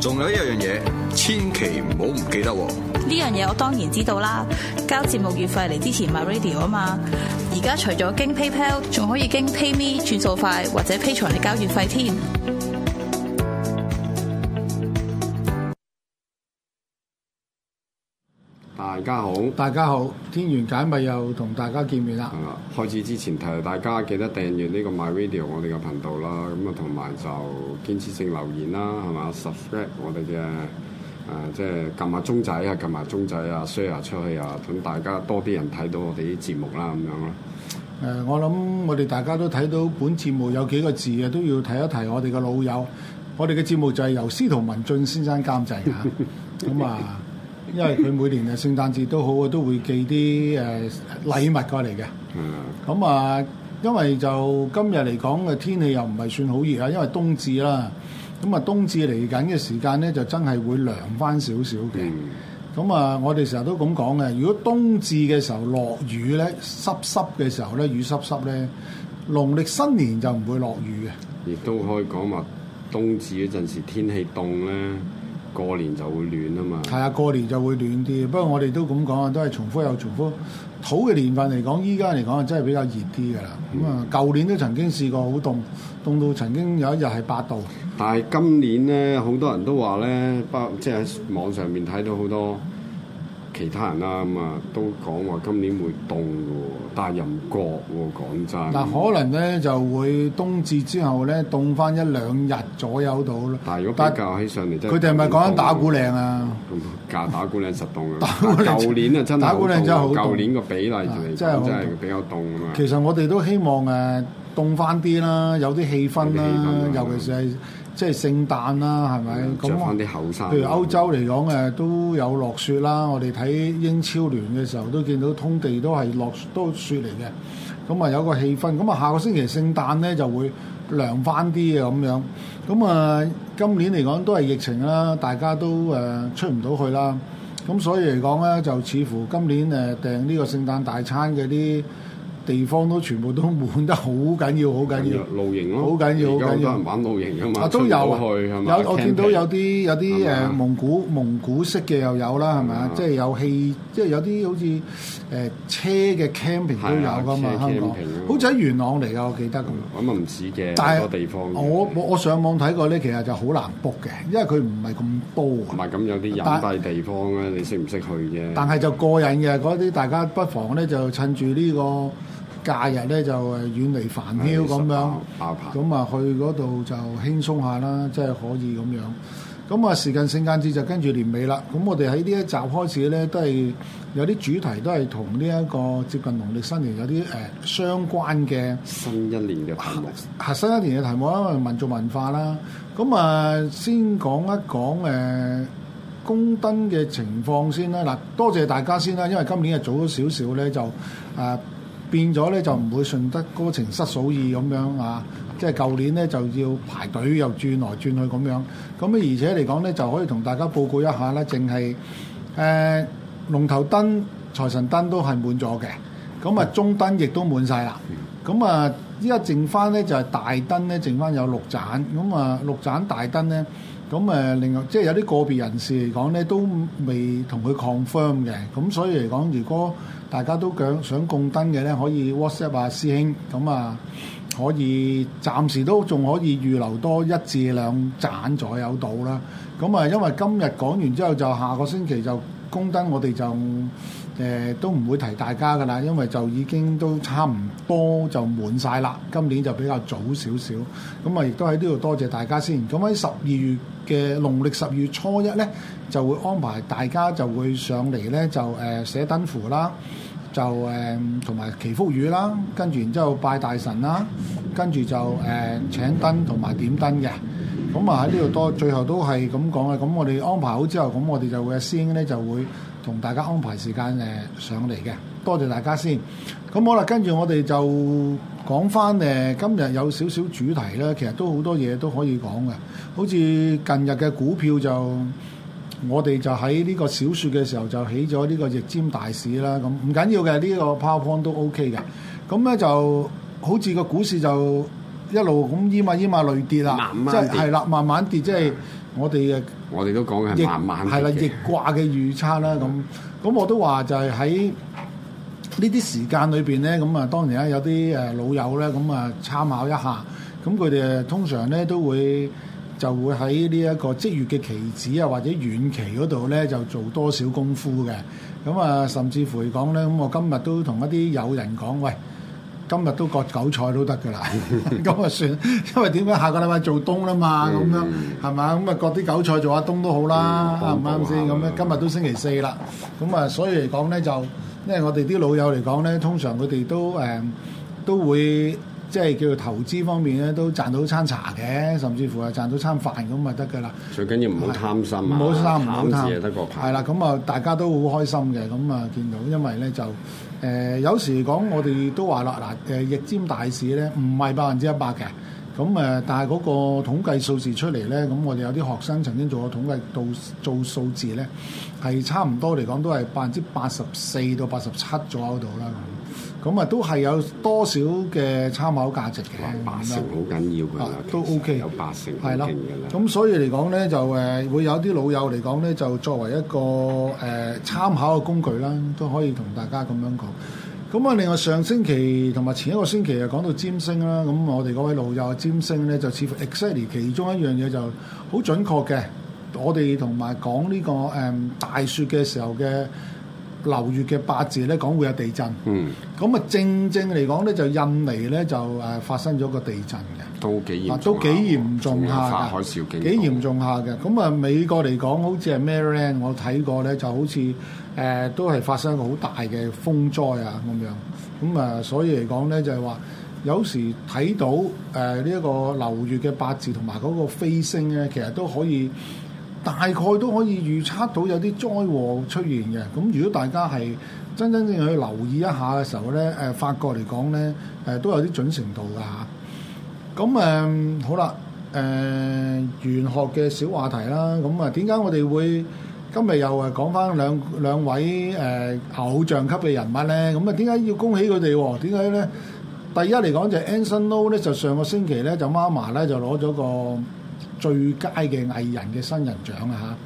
仲有一樣嘢，千祈唔好唔記得喎！呢樣嘢我當然知道啦，交節目月費嚟支持 MyRadio 啊嘛！而家除咗經 PayPal，仲可以經 PayMe 轉數快或者 Patreon 嚟交月費添。大家好，大家好，天玄解密又同大家見面啦。係啦、啊，開始之前提大家記得訂閱呢個 My Radio 我哋嘅頻道啦。咁啊，同埋就堅持性留言啦，係嘛？Subscribe 我哋嘅誒，即係撳下鐘仔啊，撳埋鐘仔啊，share 出去啊，等大家多啲人睇到我哋啲節目啦，咁樣咯。誒、呃，我諗我哋大家都睇到本節目有幾個字嘅，都要提一提我哋嘅老友。我哋嘅節目就係由司徒文進先生監製嚇，咁 啊。 因為佢每年嘅聖誕節都好，我都會寄啲誒、呃、禮物過嚟嘅。嗯。咁啊，因為就今日嚟講嘅天氣又唔係算好熱啊，因為冬至啦。咁、嗯、啊，冬至嚟緊嘅時間咧，就真係會涼翻少少嘅。咁、嗯、啊，我哋成日都咁講嘅，如果冬至嘅時候落雨咧，濕濕嘅時候咧，雨濕濕咧，農曆新年就唔會落雨嘅。亦都可以講話冬至嗰陣時天氣凍咧。過年就會暖啊嘛，係啊，過年就會暖啲。不過我哋都咁講啊，都係重複又重複。好嘅年份嚟講，依家嚟講啊，真係比較熱啲㗎啦。咁啊、嗯，舊年都曾經試過好凍，凍到曾經有一日係八度。但係今年咧，好多人都話咧，包即係喺網上面睇到好多。其他人啦咁啊，都講話今年會凍喎，但係又唔覺喎，講真。嗱，可能咧就會冬至之後咧凍翻一兩日左右到咯。但係如果比較起上嚟，真係佢哋係咪講緊打鼓嶺啊？咁價打鼓嶺實凍嘅，舊年啊真係好凍，舊年個比例就係真係比較凍啊嘛。其實我哋都希望誒凍翻啲啦，有啲氣氛啦，尤其是係。即係聖誕啦，係咪？著翻啲厚衫。譬如歐洲嚟講誒、啊，都有落雪啦。我哋睇英超聯嘅時候，都見到通地都係落都雪嚟嘅。咁啊有個氣氛。咁啊下個星期聖誕呢就會涼翻啲嘅咁樣。咁啊今年嚟講都係疫情啦，大家都誒、啊、出唔到去啦。咁、啊、所以嚟講呢，就似乎今年誒、啊、訂呢個聖誕大餐嘅啲。地方都全部都滿得好緊要，好緊要，好緊要，好緊要。而家都人玩露營㗎嘛，都有去係嘛？有、啊、吧我見到有啲有啲誒吧、啊，蒙古蒙古式嘅又有啦，係咪啊？即係有戲，即係有啲好似。誒車嘅 camping 都有㗎嘛，車香港 camping 好似喺元朗嚟㗎，我記得咁。咁啊唔止嘅，好是多地方我。我我我上網睇過咧，其實就好難 book 嘅，因為佢唔係咁多。唔係咁有啲隱蔽地方咧，但你識唔識去啫？但係就過癮嘅嗰啲，大家不妨咧就趁住呢個假日咧，就遠離煩囂咁、嗯嗯、樣。咁啊，去嗰度就輕鬆下啦，即、就、係、是、可以咁樣。咁啊，時近聖誕節就跟住年尾啦。咁我哋喺呢一集開始咧，都係有啲主題都係同呢一個接近農曆新年有啲誒、呃、相關嘅新一年嘅題目。嚇、啊，新一年嘅題目因為民族文化啦。咁啊，先講一講誒、呃、公燈嘅情況先啦。嗱，多謝大家先啦，因為今年啊早咗少少咧，就、呃、誒。變咗咧就唔會順得哥情失嫂意咁樣啊！即係舊年咧就要排隊又轉來轉去咁樣。咁而且嚟講咧就可以同大家報告一下咧，淨係誒龍頭燈、財神燈都係滿咗嘅。咁啊中燈亦都滿晒啦。咁啊依家剩翻咧就係、是、大燈咧，剩翻有六盞。咁啊六盞大燈咧。咁誒，另外即係有啲個別人士嚟講咧，都未同佢 confirm 嘅，咁所以嚟講，如果大家都想想供燈嘅咧，可以 WhatsApp 啊師兄，咁啊可以暫時都仲可以預留多一至兩盞左右到啦。咁啊，因為今日講完之後，就下個星期就供燈，我哋就。誒、呃、都唔會提大家㗎啦，因為就已經都差唔多就滿晒啦。今年就比較早少少，咁啊亦都喺呢度多謝大家先。咁、嗯、喺十二月嘅農曆十二月初一咧，就會安排大家就會上嚟咧，就誒寫燈符啦，就誒同埋祈福語啦，跟住然之後拜大神啦，跟住就誒、呃、請燈同埋點燈嘅。咁啊喺呢度多，嗯、最後都係咁講嘅。咁、嗯嗯、我哋安排好之後，咁我哋就會先咧，師兄就會同大家安排時間誒上嚟嘅。多謝大家先。咁好啦，跟住我哋就講返誒今日有少少主題啦。其實都好多嘢都可以講嘅。好似近日嘅股票就，我哋就喺呢個小雪嘅時候就起咗呢個逆尖大市啦。咁唔緊要嘅，呢、呢個 PowerPoint 都 OK 嘅。咁咧就好似個股市就～一路咁依埋依埋累跌啦，即係係啦，慢慢跌，即係、嗯、我哋嘅。我哋都講嘅係慢慢。係啦了，逆卦嘅預測啦，咁咁 我都話就係喺呢啲時間裏邊咧，咁啊當然啦，有啲誒老友咧，咁啊參考一下。咁佢哋通常咧都會就會喺呢一個即月嘅期指啊，或者遠期嗰度咧就做多少功夫嘅。咁啊，甚至乎嚟講咧，咁我今日都同一啲友人講，喂。今日都割韭菜都得噶啦，咁啊 算，因為點解下個禮拜做冬吖嘛，咁 樣係嘛，咁啊割啲韭菜做下冬都好啦，啱唔啱先？咁咧、嗯、今日都星期四啦，咁、 嗯、啊，所以嚟講咧就，因為我哋啲老友嚟講咧，通常佢哋都誒、嗯、都會即係叫做投資方面咧都賺到餐茶嘅，甚至乎係賺到餐飯咁啊得噶啦。最緊要唔好貪心唔、啊、好貪唔好得個係啦。咁啊，大家都好開心嘅，咁啊見到，因為咧就。誒、呃、有時講我哋都話啦，嗱、呃、誒逆佔大市咧，唔係百分之一百嘅，咁、嗯、誒，但係嗰個統計數字出嚟咧，咁我哋有啲學生曾經做過統計，做做數字咧，係差唔多嚟講都係百分之八十四到八十七左右度啦。咁啊，都係有多少嘅參考價值嘅。哇那八成好緊要嘅，啊，都 OK 嘅，有八成係咯。咁所以嚟講咧，就誒會有啲老友嚟講咧，就作為一個誒、呃、參考嘅工具啦，都可以同大家咁樣講。咁啊，另外上星期同埋前一個星期啊，講到尖星啦。咁我哋嗰位老友啊，尖星咧就似乎 exactly 其中一樣嘢就好準確嘅。我哋同埋講呢、這個誒、呃、大雪嘅時候嘅。流月嘅八字咧，講會有地震，咁啊、嗯、正正嚟講咧就印尼咧就誒發生咗個地震嘅，都幾嚴重，都幾嚴重下嘅，幾嚴重下嘅。咁啊，美國嚟講好似係 Maryland 我睇過咧，就好似誒都係發生一個好大嘅風災啊咁樣。咁、呃、啊所以嚟講咧就係、是、話，有時睇到誒呢一個流月嘅八字同埋嗰個飛星咧，其實都可以。大概都可以預測到有啲災禍出現嘅，咁如果大家係真真正正去留意一下嘅時候咧，誒法國嚟講咧，誒、呃、都有啲準程度嘅嚇。咁、啊、誒、嗯、好啦，誒、呃、玄學嘅小話題啦，咁啊點解我哋會今日又誒講翻兩兩位誒、呃、偶像級嘅人物咧？咁啊點解要恭喜佢哋？點解咧？第一嚟講就 Anson Lo 咧，就上個星期咧就媽媽咧就攞咗個最佳嘅藝人嘅新人獎啊！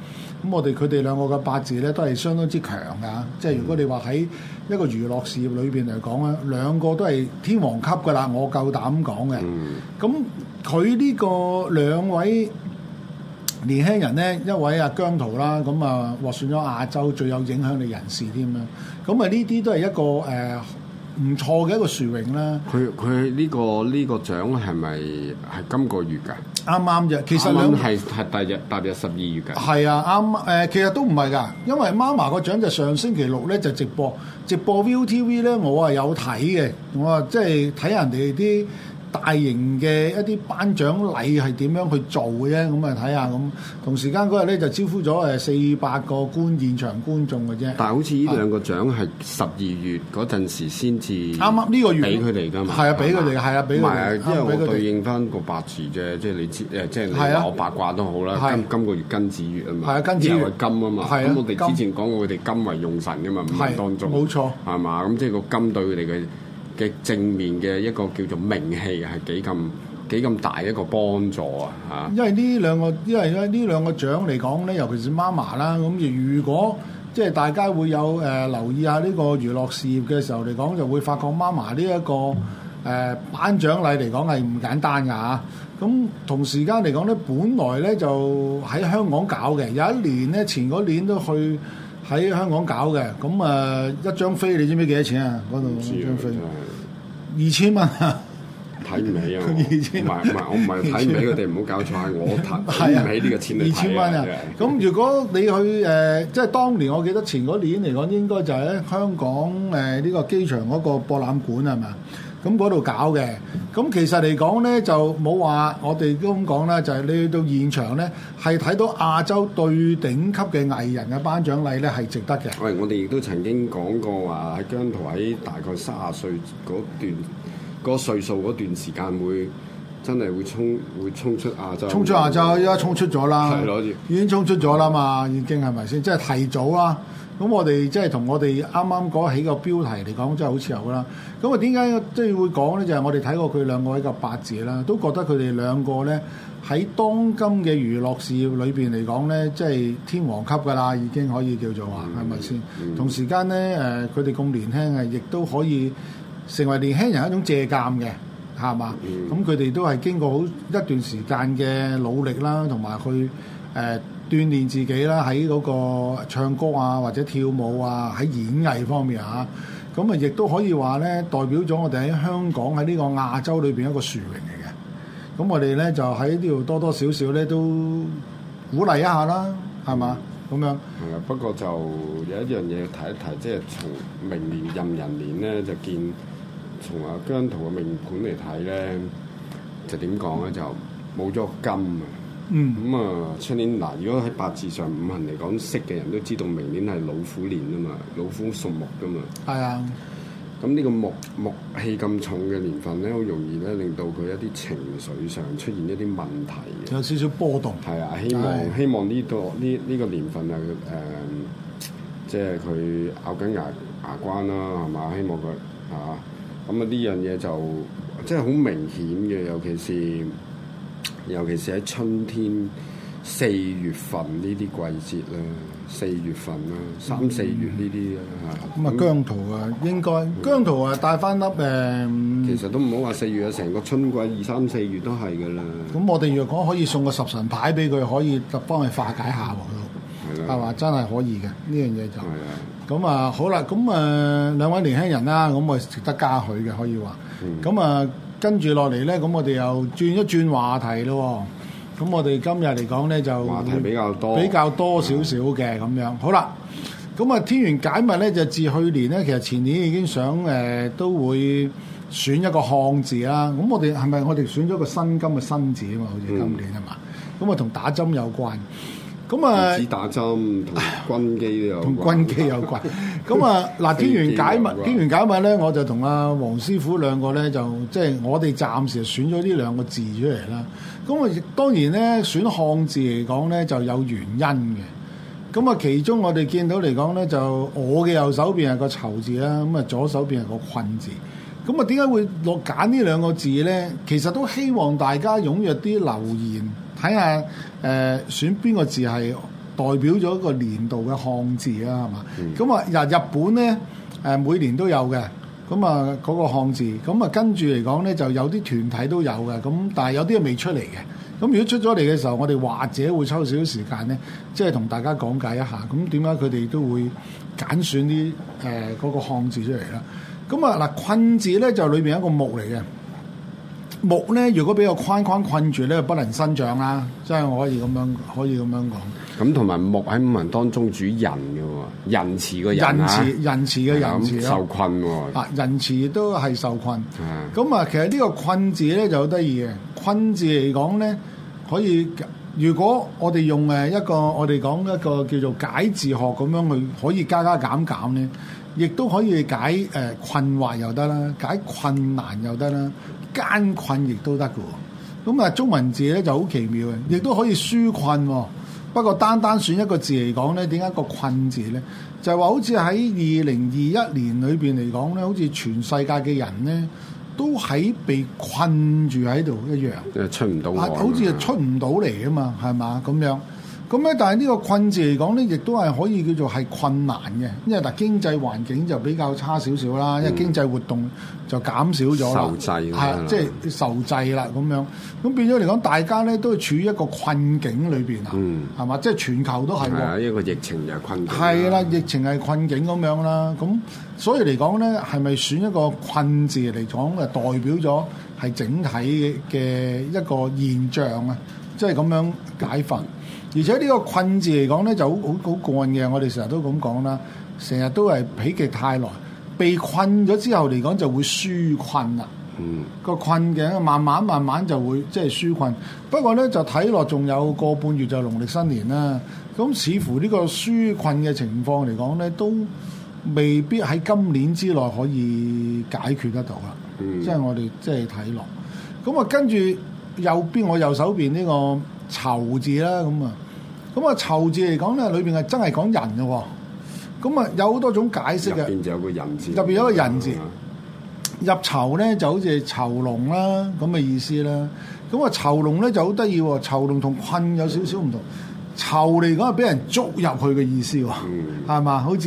咁我哋佢哋兩個嘅八字咧都係相當之強噶，即係、嗯、如果你話喺一個娛樂事業裏邊嚟講咧，兩個都係天王級噶啦，我夠膽講嘅。咁佢呢個兩位年輕人咧，一位阿姜圖啦，咁啊獲選咗亞洲最有影響力人士添啊！咁啊呢啲都係一個誒、呃唔錯嘅一個殊榮啦。佢佢呢個呢個獎係咪係今個月㗎？啱啱嘅。其實兩係係大約大約十二月㗎。係啊，啱誒，其實都唔係㗎，因為媽媽個獎就上星期六咧就是、直播，直播 ViuTV 咧，我係有睇嘅，我係即係睇人哋啲。大型嘅一啲頒獎禮係點樣去做嘅啫？咁啊睇下咁，同時間嗰日咧就招呼咗誒四百個觀現場觀眾嘅啫。但係好似呢兩個獎係十二月嗰陣時先至。啱啱呢個月。俾佢哋㗎嘛。係啊，俾佢哋係啊，俾佢。唔係啊，因為我對應翻個八字啫，即係你知誒，即係你話我八卦都好啦。今今個月庚子月啊嘛。係啊，庚子月。即係金啊嘛。係啊。咁我哋之前講過，佢哋金為用神㗎嘛，五行當中。係啊。冇錯。係嘛？咁即係個金對佢哋嘅。嘅正面嘅一個叫做名氣，係幾咁幾咁大一個幫助啊嚇！因為呢兩個，因為咧呢兩個獎嚟講咧，尤其是媽媽啦，咁如果即係大家會有誒、呃、留意下呢個娛樂事業嘅時候嚟講，就會發覺媽媽呢一個誒頒獎禮嚟講係唔簡單㗎嚇。咁同時間嚟講咧，本來咧就喺香港搞嘅，有一年咧前嗰年都去。喺香港搞嘅，咁誒一張飛你知唔知幾多錢啊？嗰度一張飛二千蚊啊！睇唔起啊！唔係唔係，我唔係睇唔起佢哋，唔好搞錯，我睇睇唔起呢個錢嚟。二千蚊啊！咁如果你去誒、呃，即係當年我記得前嗰年嚟講，應該就喺香港誒呢、呃呢個機場嗰個博覽館係咪啊？是咁嗰度搞嘅，咁其實嚟講咧，就冇話我哋都咁講啦，就係、是、你去到現場咧，係睇到亞洲最頂級嘅藝人嘅頒獎禮咧，係值得嘅。喂，我哋亦都曾經講過話喺姜濤喺大概卅歲嗰段嗰歲數嗰段時間會。真係會衝，會衝出亞洲。衝出亞洲，而家衝出咗啦。係攞住。已經衝出咗啦嘛，已經係咪先？即係提早啦、啊。咁我哋即係同我哋啱啱嗰起個標題嚟講，真係好似有啦。咁啊，點解即係會講咧？就係、是、我哋睇過佢兩個喺個八字啦，都覺得佢哋兩個咧喺當今嘅娛樂事業裏邊嚟講咧，即係天王級噶啦，已經可以叫做話係咪先？同時間咧，誒，佢哋咁年輕啊，亦都可以成為年輕人一種借鑑嘅。係嘛？咁佢哋都係經過好一段時間嘅努力啦，同埋去誒、呃、鍛鍊自己啦，喺嗰個唱歌啊，或者跳舞啊，喺演藝方面啊，咁啊亦都、嗯嗯、可以話咧，代表咗我哋喺香港喺呢個亞洲裏邊一個殊榮嚟嘅。咁我哋咧就喺呢度多多少少咧都鼓勵一下啦，係嘛？咁樣。係啊、嗯，不過就有一樣嘢要提一提，即、就、係、是、從明年壬寅年咧就見。從阿姜濤嘅命盤嚟睇咧，就點講咧？就冇咗個金啊！嗯，咁啊、嗯，出年嗱，如果喺八字上五行嚟講，識嘅人都知道，明年係老虎年啊嘛，老虎屬木噶嘛。係啊。咁呢個木木氣咁重嘅年份咧，好容易咧令到佢一啲情緒上出現一啲問題，有少少波動。係啊，希望、啊、希望呢、呢個呢呢、呢個年份啊，誒、嗯，即係佢咬緊牙牙關啦，係嘛？希望佢啊。咁啊！呢樣嘢就即係好明顯嘅，尤其是尤其是喺春天四月份呢啲季節啦，四月份啦、啊，三四月呢啲啊嚇。咁啊，姜濤啊，應該、嗯、姜濤啊，帶翻粒誒。嗯、其實都唔好話四月啊，成個春季二三四月都係噶啦。咁我哋若果可以送個十神牌俾佢，可以就幫佢化解下係嘛？真係可以嘅，呢樣嘢就，咁啊的好啦，咁啊，兩位年輕人啦，咁啊值得嘉許嘅可以話，咁啊、嗯、跟住落嚟咧，咁我哋又轉一轉話題咯、哦。咁我哋今日嚟講咧就話題比較多，比較多少少嘅咁、嗯、樣。好啦，咁啊天玄解密咧就自去年咧，其實前年已經想誒、呃、都會選一個漢字啦。咁我哋係咪我哋選咗個辛金嘅辛字啊嘛？好似今年啊嘛，咁啊同打針有關。咁啊，嗯、打針同軍機有同軍機有關。咁 啊，嗱，天玄解密，天玄 完解密咧，我就同阿黃師傅兩個咧，就即係、就是、我哋暫時選咗呢兩個字出嚟啦。咁啊，當然咧，選漢字嚟講咧，就有原因嘅。咁啊，其中我哋見到嚟講咧，就我嘅右手邊係個囚字啦，咁啊，左手邊係個困字。咁啊，點解會落揀呢兩個字咧？其實都希望大家踴躍啲留言，睇下誒選邊個字係代表咗一個年度嘅漢字啊，係嘛？咁啊、嗯，日日本咧誒每年都有嘅，咁啊嗰個漢字，咁啊跟住嚟講咧，就有啲團體都有嘅，咁但係有啲係未出嚟嘅。咁如果出咗嚟嘅時候，我哋或者會抽少少時間咧，即係同大家講解一下。咁點解佢哋都會揀選啲誒嗰個漢字出嚟咧？咁啊嗱，困字咧就裏邊一個木嚟嘅，木咧如果俾個框框困住咧，就不能生長啦。即係我可以咁樣，可以咁樣講。咁同埋木喺五行當中主仁嘅，仁慈嘅仁、仁慈、仁慈嘅仁慈受困喎。啊，仁慈亦都係受困。咁啊、嗯嗯，其實呢個困字咧就好得意嘅。困字嚟講咧，可以如果我哋用誒一個我哋講一個叫做解字學咁樣去，可以加加減減咧。亦都可以解誒、呃、困惑又得啦，解困難又得啦，艱困亦都得嘅喎。咁啊，中文字咧就好奇妙嘅，亦都可以紓困、哦。不過單單選一個字嚟講咧，點解個困字咧，就係、是、話好似喺二零二一年裏邊嚟講咧，好似全世界嘅人咧都喺被困住喺度一樣，出唔到、啊、好似出唔到嚟啊嘛，係嘛咁樣。咁咧，但係呢個困字嚟講咧，亦都係可以叫做係困難嘅，因為嗱經濟環境就比較差少少啦，嗯、因為經濟活動就減少咗啦，係即係受制啦咁的樣。咁變咗嚟講，大家咧都處於一個困境裏邊啊，係嘛、嗯？即係全球都係一個疫情又係困境，係啦，疫情係困境咁樣啦。咁所以嚟講咧，係咪選一個困字嚟講，係代表咗係整體嘅一個現象啊？即係咁樣解法。嗯而且呢個困字嚟講咧，就好好好過癮嘅。我哋成日都咁講啦，成日都係否極太耐，被困咗之後嚟講就會紓困啦。嗯，個困境慢慢慢慢就會即係紓困。不過咧，就睇落仲有個半月就農曆新年啦。咁似乎呢個紓困嘅情況嚟講咧，都未必喺今年之內可以解決得到啦。即係、嗯、我哋即係睇落。咁啊，跟住右邊我右手邊呢、呢個。囚字啦咁啊，咁啊囚字嚟講咧，裏邊係真係講人嘅喎，咁啊有好多種解釋嘅，入邊就有個人字，特別有個人字。嗯、入囚咧就好似係囚籠啦咁嘅意思啦，咁啊囚籠咧就好得意喎，囚籠同困有少少唔同。嗯、囚嚟講係俾人捉入去嘅意思喎，係嘛？好似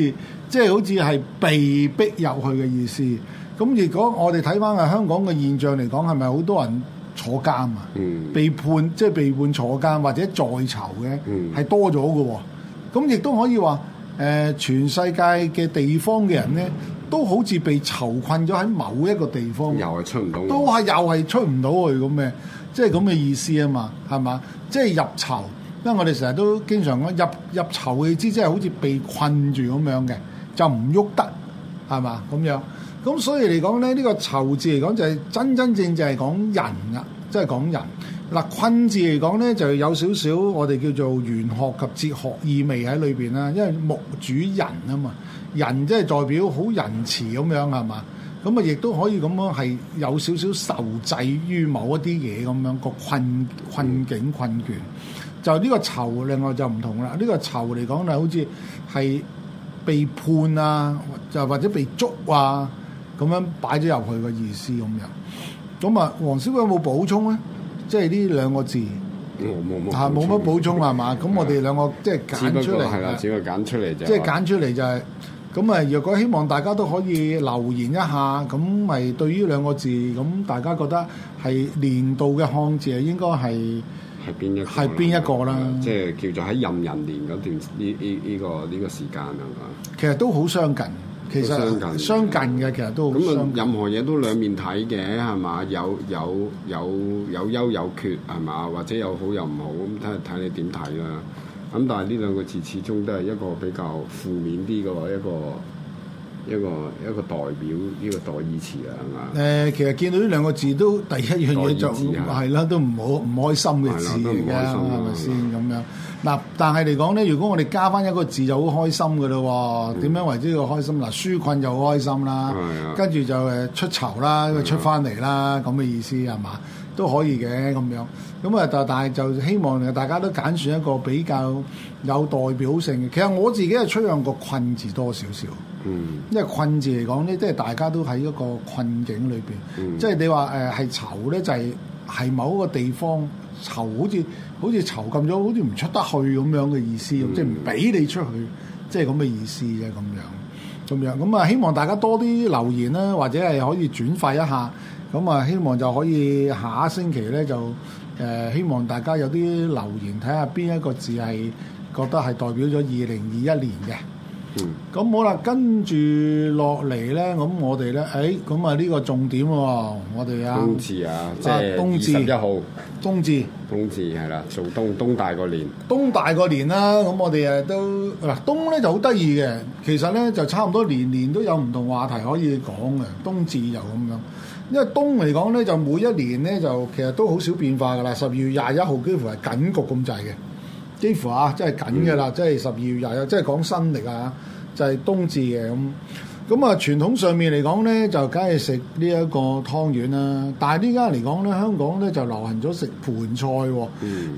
即係好似係被逼入去嘅意思。咁、嗯就是、如果我哋睇翻啊香港嘅現象嚟講，係咪好多人？坐監啊！嗯、被判即係、就是、被判坐監或者在囚嘅係、嗯、多咗嘅、哦，咁亦都可以話誒、呃，全世界嘅地方嘅人咧，嗯、都好似被囚困咗喺某一個地方，又係出唔到，都係又係出唔到去咁嘅，即係咁嘅意思啊嘛，係嘛？即、就、係、是、入囚，因為我哋成日都經常講入入囚嘅意思，即、就、係、是、好似被困住咁樣嘅，就唔喐得，係嘛？咁樣。咁所以嚟講咧，呢、這個囚字嚟講就係真真正正係講人啊，即係講人。嗱、啊、困字嚟講咧，就有少少我哋叫做玄學及哲學意味喺裏邊啦，因為木主仁啊嘛，人即係代表好仁慈咁樣係嘛，咁啊亦都可以咁樣係有少少受制於某一啲嘢咁樣個，困困境困倦。就呢個囚，另外就唔同啦。呢、這個囚嚟講就好似係被判啊，就或者被捉啊。咁樣擺咗入去嘅意思咁樣，咁啊黃師傅有冇補充咧？即係呢兩個字嚇冇乜補充係嘛、啊？咁 我哋兩個即係揀出嚟啦。啦，只係揀出嚟就是。即係揀出嚟就係、是，咁啊若果希望大家都可以留言一下，咁咪對於兩個字，咁大家覺得係年度嘅漢字應該係係邊一係邊一個啦、啊？即係叫做喺任人年嗰段呢呢呢個呢、這個時間係嘛？其實都好相近。其實相近嘅，其實都咁，任何嘢都兩面睇嘅，係嘛？有有有有優有缺，係嘛？或者有好有唔好咁，睇下睇你點睇啦。咁但係呢兩個字始終都係一個比較負面啲嘅一個。一個一個代表呢個代義詞啊，係嘛？誒，其實見到呢兩個字都第一樣嘢就係啦，都唔好唔開心嘅字嚟嘅，係咪先咁樣？嗱，但係嚟講咧，如果我哋加翻一個字就好開心嘅咯。點、嗯、樣為之叫開心？嗱，紓困就開心啦，跟住吧就誒出籌啦，吧出翻嚟啦，咁嘅意思係嘛？都可以嘅咁樣。咁啊，但但係就希望大家都揀選一個比較有代表性嘅。其實我自己係出讓個困字多少少。嗯，因為困字嚟講咧，即係大家都喺一個困境裏邊。嗯、即係你話誒係囚咧，就係、係、係某一個地方囚好，好似好似囚禁咗，好似唔出得去咁樣嘅意思，嗯、即係唔俾你出去，即係咁嘅意思啫咁樣，咁樣咁啊！希望大家多啲留言啦、啊，或者係可以轉發一下。咁啊，希望就可以下一星期咧就誒、呃，希望大家有啲留言睇下邊一個字係覺得係代表咗二零二一年嘅。嗯，咁好啦，跟住落嚟咧，咁我哋咧，哎，咁啊，呢個重點喎，我哋啊，冬至啊，啊即係冬至二十一號，冬至，冬至係啦，做冬冬大個年，冬大個年啦，咁我哋誒都，嗱冬咧就好得意嘅，其實咧就差唔多年年都有唔同話題可以講嘅，冬至又咁樣，因為冬嚟講咧就每一年咧就其實都好少變化噶啦，十二月廿一號幾乎係緊局咁滯嘅。幾乎啊，即係緊嘅啦，嗯、即係十二月廿一，即係講新曆啊，就係、是、冬至嘅咁。咁啊，傳統上面嚟講咧，就梗係食呢一個湯圓啦、啊。但係呢家嚟講咧，香港咧就流行咗食盤菜喎、啊。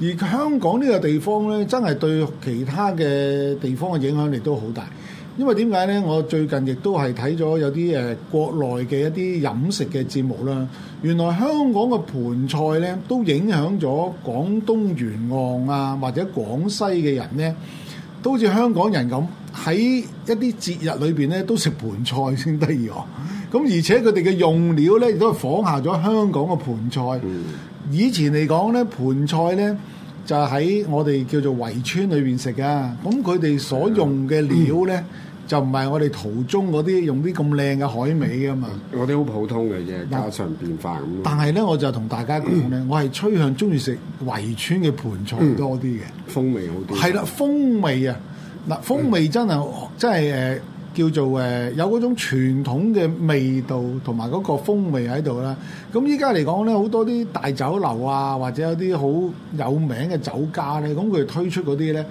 而香港呢個地方咧，真係對其他嘅地方嘅影響力都好大。因為點解呢？我最近亦都係睇咗有啲誒國內嘅一啲飲食嘅節目啦。原來香港嘅盤菜呢，都影響咗廣東沿岸啊，或者廣西嘅人呢，都好似香港人咁喺一啲節日裏邊呢，都食盤菜先得意喎。咁、啊、而且佢哋嘅用料呢，亦都係仿下咗香港嘅盤菜。以前嚟講呢，盤菜呢。就喺我哋叫做圍村裏邊食噶，咁佢哋所用嘅料咧，嗯、就唔係我哋途中嗰啲用啲咁靚嘅海味啊嘛，嗰啲好普通嘅啫，嗯、家常便飯。咁。但係咧，我就同大家講咧，嗯、我係趨向中意食圍村嘅盆菜多啲嘅、嗯，風味好多，係啦，風味啊，嗱風味真係、嗯、真係誒。呃叫做誒、呃、有嗰種傳統嘅味道同埋嗰個風味喺度啦。咁依家嚟講咧，好多啲大酒樓啊，或者有啲好有名嘅酒家咧，咁佢推出嗰啲咧，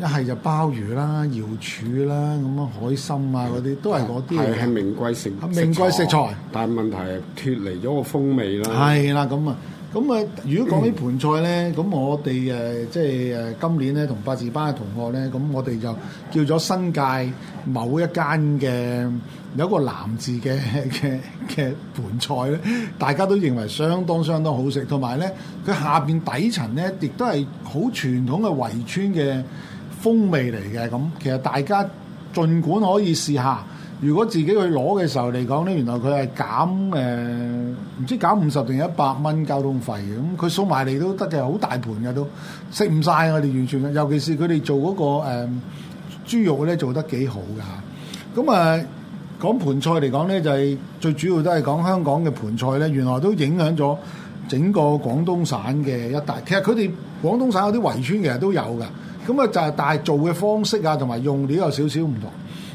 一係就鮑魚啦、瑤柱啦、咁樣海參啊嗰啲，都係嗰啲係係名貴食名貴食材。食材但係問題係脫離咗個風味啦。係啦，咁啊。咁啊，嗯、如果講起盆菜咧，咁我哋誒即係誒今年咧同八字班嘅同學咧，咁我哋就叫咗新界某一間嘅有一個南字嘅嘅嘅盆菜咧，大家都認為相當相當好食，同埋咧佢下邊底層咧亦都係好傳統嘅圍村嘅風味嚟嘅，咁其實大家儘管可以試下。如果自己去攞嘅時候嚟講咧，原來佢係減誒，唔知減五十定一百蚊交通費嘅。咁佢送埋嚟都得嘅，好大盤嘅都食唔晒。我哋完全，尤其是佢哋做嗰個誒豬肉咧，做得幾好㗎。咁啊，講盤菜嚟講咧，就係最主要都係講香港嘅盤菜咧，原來都影響咗整個廣東省嘅一大。其實佢哋廣東省有啲圍村其實都有㗎。咁啊，就係但係做嘅方式啊，同埋用料有少少唔同。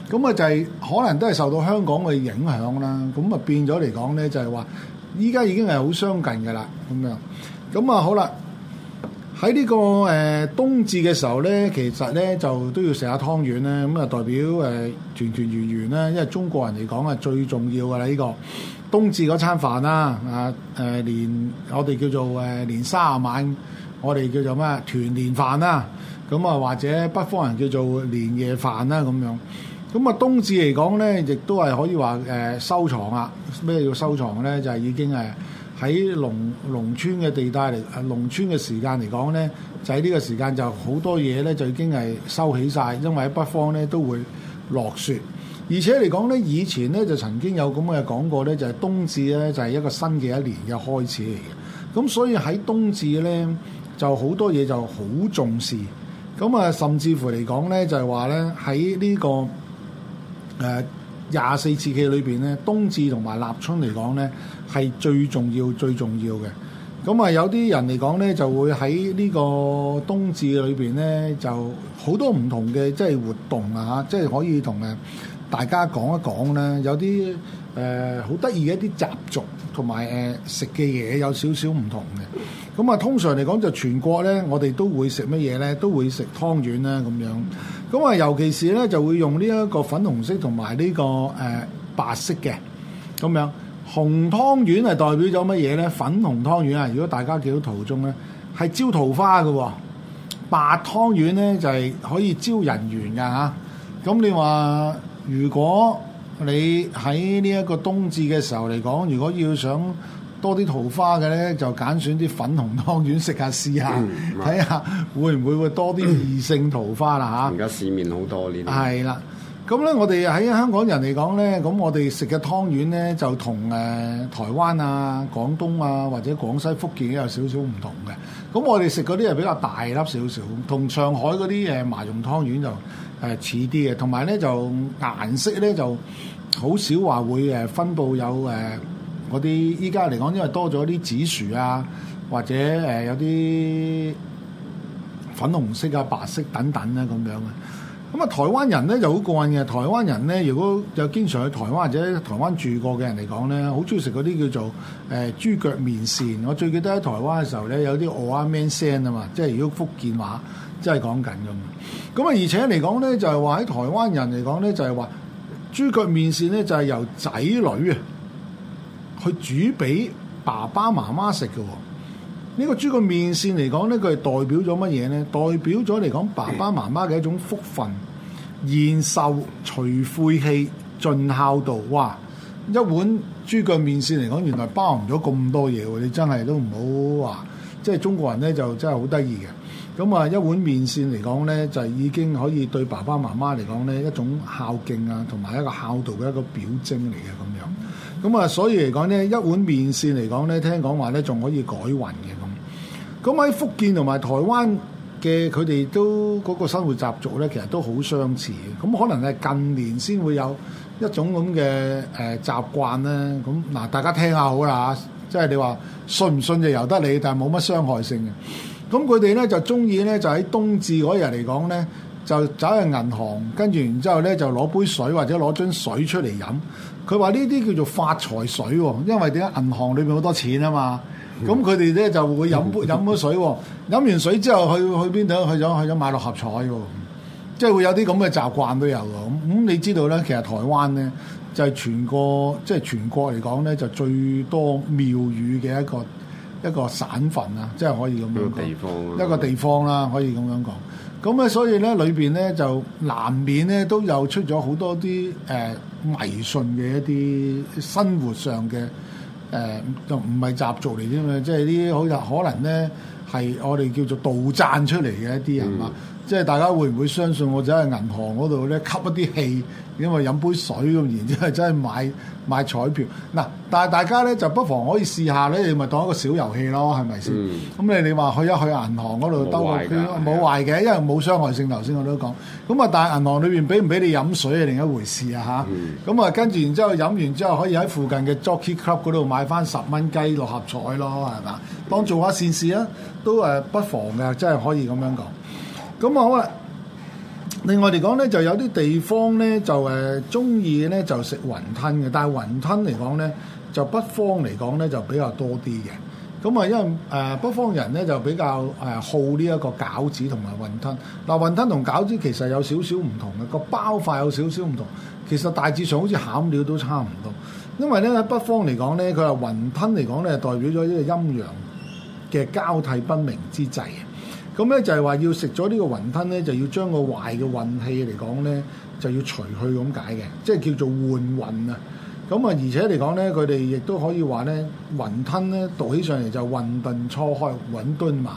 咁啊，就係可能都係受到香港嘅影響啦。咁啊，變咗嚟講咧，就係話依家已經係好相近嘅啦。咁樣，咁啊，好啦、這個，喺呢個誒冬至嘅時候咧，其實咧就都要食下湯圓咧。咁啊，代表誒團團圓圓啦。因為中國人嚟講係最重要嘅啦呢個冬至嗰餐飯啦。啊、呃、誒，連我哋叫做誒、呃、年卅晚，我哋叫做咩團年飯啦。咁啊，或者北方人叫做年夜飯啦，咁樣。咁啊，冬至嚟講咧，亦都係可以話誒、呃、收藏啊！咩叫收藏咧？就係、是、已經誒喺農農村嘅地帶嚟，農村嘅時間嚟講咧，就喺呢個時間就好多嘢咧，就已經係收起晒，因為喺北方咧都會落雪，而且嚟講咧，以前咧就曾經有咁嘅講過咧，就係冬至咧就係一個新嘅一年嘅開始嚟嘅。咁所以喺冬至咧就好多嘢就好重視。咁啊，甚至乎嚟講咧，就係話咧喺呢個。誒廿四節氣裏邊咧，冬至同埋立春嚟講咧，係最重要最重要嘅。咁啊，有啲人嚟講咧，就會喺呢個冬至裏邊咧，就好多唔同嘅即係活動啊！嚇，即係可以同誒大家講一講啦。有啲誒好得意嘅一啲習俗同埋誒食嘅嘢有少少唔同嘅。咁啊，通常嚟講就全國咧，我哋都會食乜嘢咧？都會食湯圓啦，咁樣。咁啊，尤其是咧就會用呢一個粉紅色同埋呢個誒白色嘅咁樣，紅湯圓係代表咗乜嘢咧？粉紅湯圓啊，如果大家見到圖中咧，係招桃花嘅；白湯圓咧就係可以招人緣嘅嚇。咁你話，如果你喺呢一個冬至嘅時候嚟講，如果要想多啲桃花嘅咧，就揀選啲粉紅湯圓食下試下，睇下、嗯、會唔會會多啲異性桃花啦吓，而家、嗯、市面好多呢。係啦，咁咧我哋喺香港人嚟講咧，咁我哋食嘅湯圓咧就同誒、呃、台灣啊、廣東啊或者廣西福建有少少唔同嘅。咁我哋食嗰啲係比較大粒少少，同上海嗰啲誒麻蓉湯圓就誒、呃、似啲嘅，同埋咧就顏色咧就好少話會誒分布有誒。呃嗰啲依家嚟講，因為多咗啲紫薯啊，或者誒、呃、有啲粉紅色啊、白色等等啊咁樣嘅。咁啊，台灣人咧就好過癮嘅。台灣人咧，如果就經常去台灣或者台灣住過嘅人嚟講咧，好中意食嗰啲叫做誒、呃、豬腳麵線。我最記得喺台灣嘅時候咧，有啲我阿咩聲啊嘛，即係如果福建話真係講緊咁。咁啊，而且嚟講咧，就係話喺台灣人嚟講咧，就係、是、話豬腳麵線咧，就係、是、由仔女啊。去煮俾爸爸媽媽食嘅喎，呢個豬腳麵線嚟講呢，佢係代表咗乜嘢呢？代表咗嚟講，爸爸媽媽嘅一種福分、延壽、除晦氣、盡孝道。哇！一碗豬腳麵線嚟講，原來包含咗咁多嘢喎！你真係都唔好話，即係中國人呢就真係好得意嘅。咁啊，一碗麵線嚟講呢，就已經可以對爸爸媽媽嚟講呢一種孝敬啊，同埋一個孝道嘅一個表徵嚟嘅咁樣。咁啊，所以嚟講咧，一碗麵線嚟講咧，聽講話咧仲可以改運嘅咁。咁喺福建同埋台灣嘅佢哋都嗰、嗰個生活習俗咧，其實都好相似。咁可能係近年先會有一種咁嘅誒習慣咧。咁、呃、嗱，大家聽下好啦嚇，即係你話信唔信就由得你，但係冇乜傷害性嘅。咁佢哋咧就中意咧，就喺冬至嗰日嚟講咧。就走去銀行，跟住然之後咧就攞杯水或者攞樽水出嚟飲。佢話呢啲叫做發財水喎，因為點解銀行裏面好多錢啊嘛。咁佢哋咧就會飲杯飲杯水，飲 完水之後去去邊度？去咗去咗買六合彩喎，即係會有啲咁嘅習慣都有咯。咁、嗯、咁你知道咧，其實台灣咧就係全個即係全國嚟、就係、講咧就最多廟宇嘅一個一個，一個省份啊，即係可以咁樣一個地方，一個地方啦、啊，可以咁樣講。咁咧，所以咧，裏邊咧就難免咧都有出咗好多啲誒、呃、迷信嘅一啲生活上嘅誒，就唔係習俗嚟啫嘛，即係啲好有可能咧係我哋叫做杜撰出嚟嘅一啲係嘛。嗯。即係大家會唔會相信我走去銀行嗰度咧吸一啲氣，因為飲杯水咁，然之後真係買買彩票。嗱、啊，但係大家咧就不妨可以試下咧，你咪當一個小遊戲咯，係咪先？咁、嗯、你你話去一去銀行嗰度兜個圈，冇壞嘅，壞啊、因為冇傷害性。頭先我都講咁啊，但係銀行裏邊俾唔俾你飲水係另一回事啊吓，咁啊，嗯、跟住然之後飲完之後可以喺附近嘅 Jockey Club 嗰度買翻十蚊雞六合彩咯，係嘛？嗯、當做下善事啊，都誒不妨嘅，真係可以咁樣講。咁啊好啦，另外嚟講咧，就有啲地方咧就誒中意咧就食雲吞嘅，但係雲吞嚟講咧，就北方嚟講咧就比較多啲嘅。咁啊，因為誒、呃、北方人咧就比較誒好呢一個餃子同埋雲吞。嗱，雲吞同餃子其實有少少唔同嘅，個包法有少少唔同。其實大致上好似餡料都差唔多。因為咧喺北方嚟講咧，佢係雲吞嚟講咧代表咗呢個陰陽嘅交替不明之際咁咧就係話要食咗呢個雲吞咧，就要將個壞嘅運氣嚟講咧，就要除去咁解嘅，即係叫做換運啊！咁啊，而且嚟講咧，佢哋亦都可以話咧，雲吞咧讀起上嚟就混沌初開，混沌嘛，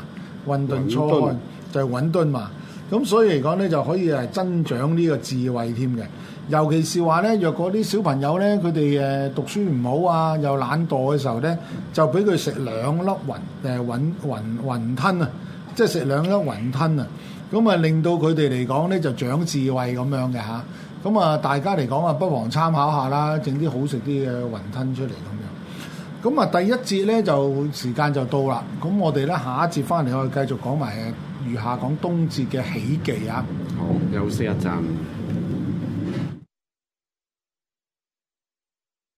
混沌初開就係混沌嘛。咁所以嚟講咧，就可以係增長呢個智慧添嘅。尤其是話咧，若果啲小朋友咧，佢哋誒讀書唔好啊，又懶惰嘅時候咧，就俾佢食兩粒雲誒雲雲雲，雲吞啊！即係食兩粒雲吞啊，咁啊令到佢哋嚟講咧就長智慧咁樣嘅吓，咁啊大家嚟講啊，不妨參考下啦，整啲好食啲嘅雲吞出嚟咁樣。咁啊第一節咧就時間就到啦，咁我哋咧下一節翻嚟我哋繼續講埋餘下講冬節嘅喜忌啊。好，休息一陣。